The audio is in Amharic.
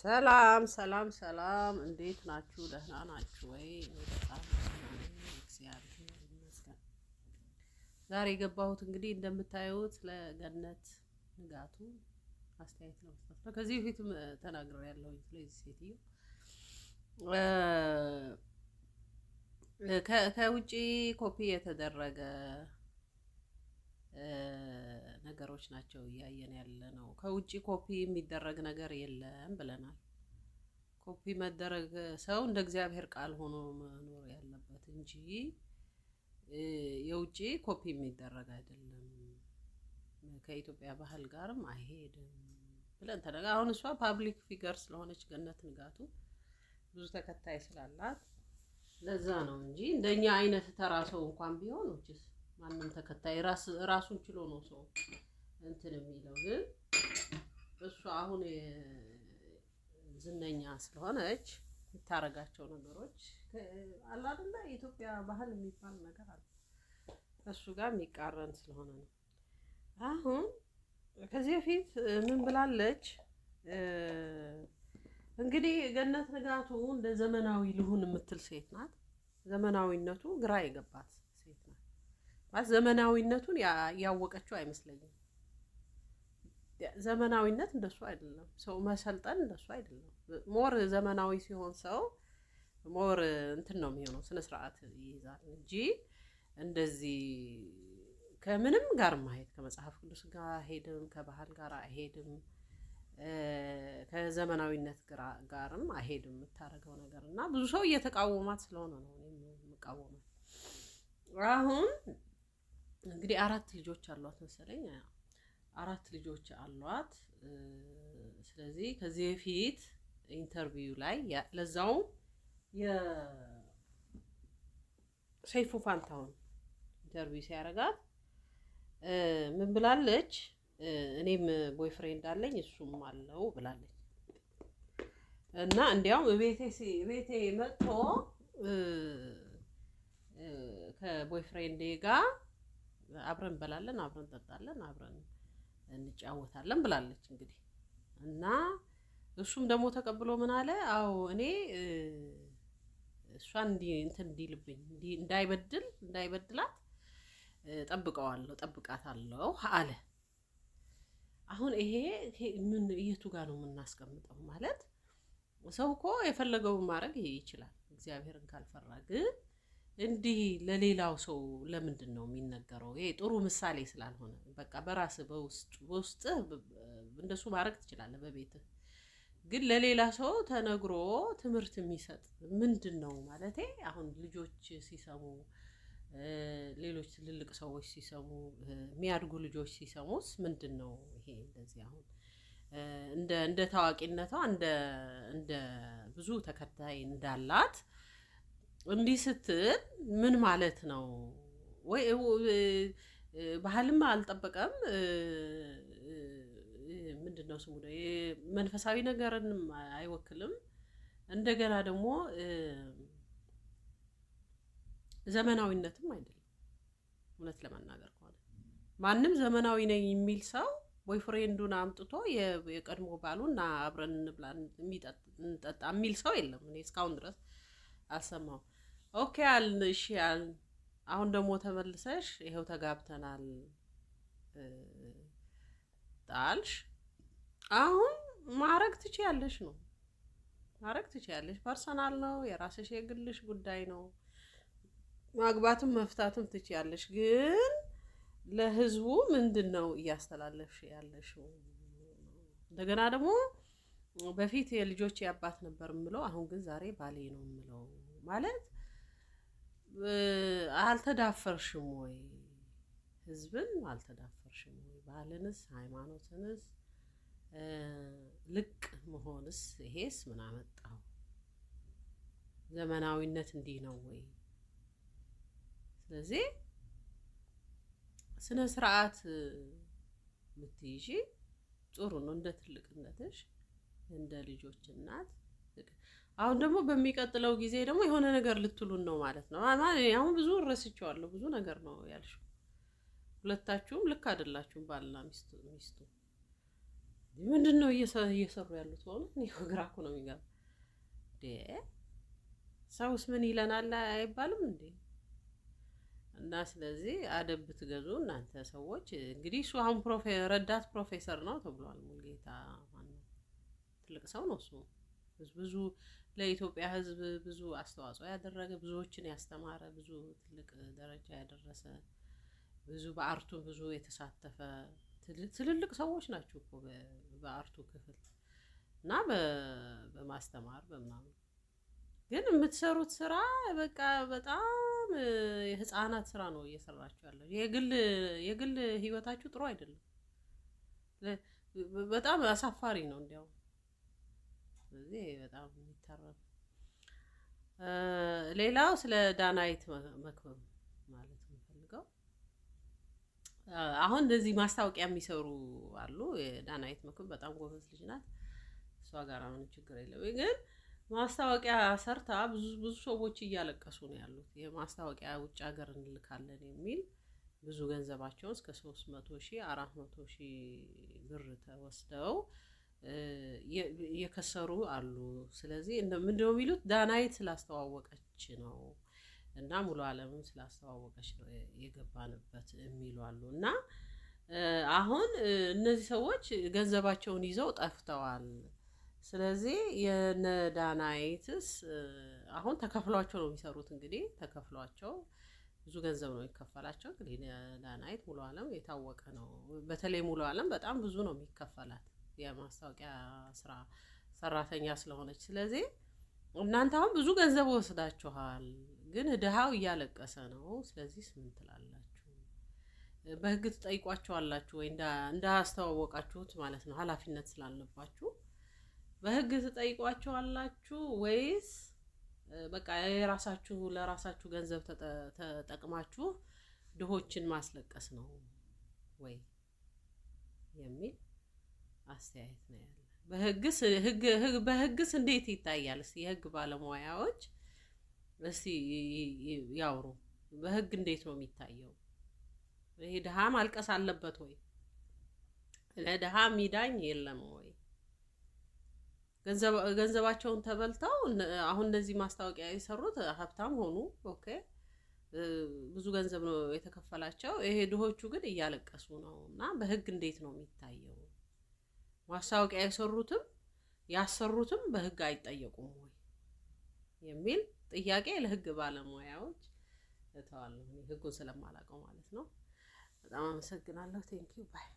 ሰላም ሰላም ሰላም፣ እንዴት ናችሁ? ደህና ናችሁ ወይ? በጣም እግዚአብሔር ይመስገን። ዛሬ የገባሁት እንግዲህ እንደምታዩት ለገነት ንጋቱ አስተያየት ለመስጠት ነው። ከዚህ በፊትም ተናግሬያለሁ ስለዚህ ሴትዮ ከውጪ ኮፒ የተደረገ ነገሮች ናቸው እያየን ያለ ነው። ከውጭ ኮፒ የሚደረግ ነገር የለም ብለናል። ኮፒ መደረግ ሰው እንደ እግዚአብሔር ቃል ሆኖ መኖር ያለበት እንጂ የውጭ ኮፒ የሚደረግ አይደለም፣ ከኢትዮጵያ ባህል ጋርም አይሄድም ብለን ተነጋ አሁን እሷ ፓብሊክ ፊገር ስለሆነች ገነት ንጋቱ ብዙ ተከታይ ስላላት ለዛ ነው እንጂ እንደኛ አይነት ተራ ሰው እንኳን ቢሆን ውጭስ ማንም ተከታይ ራሱን ችሎ ነው ሰው እንትን የሚለው ግን እሷ አሁን ዝነኛ ስለሆነች የምታረጋቸው ነገሮች አይደለ? የኢትዮጵያ ባህል የሚባል ነገር አለ። እሱ ጋር የሚቃረን ስለሆነ ነው። አሁን ከዚህ በፊት ምን ብላለች? እንግዲህ ገነት ንጋቱ እንደ ዘመናዊ ልሁን የምትል ሴት ናት። ዘመናዊነቱ ግራ የገባት ዘመናዊነቱን ያወቀችው አይመስለኝም። ዘመናዊነት እንደሱ አይደለም። ሰው መሰልጠን እንደሱ አይደለም። ሞር ዘመናዊ ሲሆን ሰው ሞር እንትን ነው የሚሆነው፣ ስነ ስርዓት ይይዛል እንጂ እንደዚህ ከምንም ጋር ማሄድ ከመጽሐፍ ቅዱስ ጋር አይሄድም፣ ከባህል ጋር አይሄድም፣ ከዘመናዊነት ጋርም አይሄድም የምታደርገው ነገር እና ብዙ ሰው እየተቃወማት ስለሆነ ነው የምቃወመው አሁን እንግዲህ አራት ልጆች አሏት መሰለኝ። አራት ልጆች አሏት። ስለዚህ ከዚህ በፊት ኢንተርቪው ላይ ለዛውም የሰይፉ ፋንታውን ኢንተርቪው ሲያደርጋት ምን ብላለች? እኔም ቦይፍሬንድ አለኝ እሱም አለው ብላለች። እና እንዲያውም ቤቴ መጥቶ ከቦይፍሬንዴ ጋር አብረን እንበላለን፣ አብረን እንጠጣለን፣ አብረን እንጫወታለን ብላለች። እንግዲህ እና እሱም ደግሞ ተቀብሎ ምን አለ? አዎ እኔ እሷን እንዲ እንትን እንዲልብኝ እንዳይበድል እንዳይበድላት ጠብቀዋለሁ ጠብቃታለሁ አለ። አሁን ይሄ ምን የቱ ጋር ነው የምናስቀምጠው? ማለት ሰው እኮ የፈለገውን ማድረግ ይችላል፣ እግዚአብሔርን ካልፈራ ግን እንዲህ ለሌላው ሰው ለምንድን ነው የሚነገረው? ይሄ ጥሩ ምሳሌ ስላልሆነ በቃ በራስ በውስጥ በውስጥ እንደሱ ማድረግ ትችላለህ በቤትህ ግን ለሌላ ሰው ተነግሮ ትምህርት የሚሰጥ ምንድን ነው ማለቴ አሁን ልጆች ሲሰሙ ሌሎች ትልልቅ ሰዎች ሲሰሙ የሚያድጉ ልጆች ሲሰሙስ ምንድን ነው ይሄ እንደዚህ አሁን እንደ እንደ ታዋቂነቷ እንደ እንደ ብዙ ተከታይ እንዳላት እንዲህ ስትል ምን ማለት ነው? ወይ ባህልም አልጠበቀም ምንድን ነው ስሙ መንፈሳዊ ነገርንም አይወክልም። እንደገና ደግሞ ዘመናዊነትም አይደለም። እውነት ለመናገር ከሆነ ማንም ዘመናዊ ነኝ የሚል ሰው ፍሬንዱን አምጥቶ የቀድሞ እና አብረን እንብላ እንጠጣ የሚል ሰው የለም። እኔ እስካሁን ድረስ አልሰማሁም። ኦኬ አልን። እሺ አልን። አሁን ደግሞ ተመልሰሽ ይኸው ተጋብተናል ጣልሽ። አሁን ማረግ ትችያለሽ ነው ማረግ ትችያለሽ። ፐርሰናል ነው የራስሽ የግልሽ ጉዳይ ነው። ማግባትም መፍታትም ትችያለሽ። ግን ለህዝቡ ምንድን ነው እያስተላለፍሽ ያለሽው? እንደገና ደግሞ በፊት የልጆች አባት ነበር የምለው፣ አሁን ግን ዛሬ ባሌ ነው የምለው። ማለት አልተዳፈርሽም ወይ? ህዝብን አልተዳፈርሽም ወይ? ባህልንስ ሃይማኖትንስ ልቅ መሆንስ ይሄስ ምን አመጣው? ዘመናዊነት እንዲህ ነው ወይ? ስለዚህ ስነ ስርዓት ምትይዢ ጥሩ ነው እንደ ትልቅነትሽ እንደ ልጆች እናት አሁን ደግሞ በሚቀጥለው ጊዜ ደግሞ የሆነ ነገር ልትሉን ነው ማለት ነው። አሁን ብዙ እረስቸዋለሁ ብዙ ነገር ነው ያልሽው። ሁለታችሁም ልክ አይደላችሁም። ባልና ሚስቱ ምንድን ነው እየሰሩ ያሉት? በእውነት ግራ እኮ ነው የሚገባ። ሰውስ ምን ይለናል አይባልም እንዴ? እና ስለዚህ አደብ ብትገዙ እናንተ ሰዎች። እንግዲህ እሱ አሁን ረዳት ፕሮፌሰር ነው ተብሏል ሙሉጌታ ትልቅ ሰው ነው እሱ። ብዙ ለኢትዮጵያ ህዝብ ብዙ አስተዋጽኦ ያደረገ ብዙዎችን ያስተማረ ብዙ ትልቅ ደረጃ ያደረሰ ብዙ በአርቱ ብዙ የተሳተፈ ትልልቅ ሰዎች ናቸው እኮ በአርቱ ክፍል እና በማስተማር በምናምን ግን የምትሰሩት ስራ በቃ በጣም የህፃናት ስራ ነው እየሰራችሁ ያለ። የግል የግል ህይወታችሁ ጥሩ አይደለም፣ በጣም አሳፋሪ ነው እንዲያውም ስለዚህ በጣም የሚታረም ሌላው ስለ ዳናይት መክበብ ማለት የምፈልገው አሁን እንደዚህ ማስታወቂያ የሚሰሩ አሉ። የዳናይት መክበብ በጣም ጎበዝ ልጅ ናት። እሷ ጋር ምንም ችግር የለም። ግን ማስታወቂያ ሰርታ ብዙ ብዙ ሰዎች እያለቀሱ ነው ያሉት። የማስታወቂያ ውጭ ሀገር እንልካለን የሚል ብዙ ገንዘባቸውን እስከ ሶስት መቶ ሺህ አራት መቶ ሺህ ብር ተወስደው የከሰሩ አሉ። ስለዚህ ምንድነው የሚሉት ዳናይት ስላስተዋወቀች ነው እና ሙሉ አለምም ስላስተዋወቀች ነው የገባንበት የሚሉ አሉ እና አሁን እነዚህ ሰዎች ገንዘባቸውን ይዘው ጠፍተዋል። ስለዚህ የነ ዳናይትስ አሁን ተከፍሏቸው ነው የሚሰሩት። እንግዲህ ተከፍሏቸው ብዙ ገንዘብ ነው የሚከፈላቸው። እንግዲህ ዳናይት ሙሉ አለም የታወቀ ነው። በተለይ ሙሉ አለም በጣም ብዙ ነው የሚከፈላት የማስታወቂያ ስራ ሰራተኛ ስለሆነች። ስለዚህ እናንተ አሁን ብዙ ገንዘብ ወስዳችኋል፣ ግን ድሃው እያለቀሰ ነው። ስለዚህ ምን ትላላችሁ? በህግ ትጠይቋቸዋላችሁ ወይ? እንዳስተዋወቃችሁት ማለት ነው፣ ኃላፊነት ስላለባችሁ በህግ ትጠይቋቸዋላችሁ ወይስ በቃ የራሳችሁ ለራሳችሁ ገንዘብ ተጠቅማችሁ ድሆችን ማስለቀስ ነው ወይ የሚል አስተያየት ነው ያለ። በህግስ እንዴት ይታያል? እስቲ የህግ ባለሙያዎች እስቲ ያውሩ። በህግ እንዴት ነው የሚታየው? ይሄ ድሃ ማልቀስ አለበት ወይ? ለድሃ ሚዳኝ የለም ወይ? ገንዘባቸውን ተበልተው አሁን እነዚህ ማስታወቂያ የሰሩት ሀብታም ሆኑ። ኦኬ ብዙ ገንዘብ ነው የተከፈላቸው። ይሄ ድሆቹ ግን እያለቀሱ ነው። እና በህግ እንዴት ነው የሚታየው? ማስታወቂያ የሰሩትም ያሰሩትም በህግ አይጠየቁም ወይ የሚል ጥያቄ ለህግ ባለሙያዎች እተዋለሁ። ህጉን ስለማላውቀው ማለት ነው። በጣም አመሰግናለሁ። ቴንኪዩ ባይ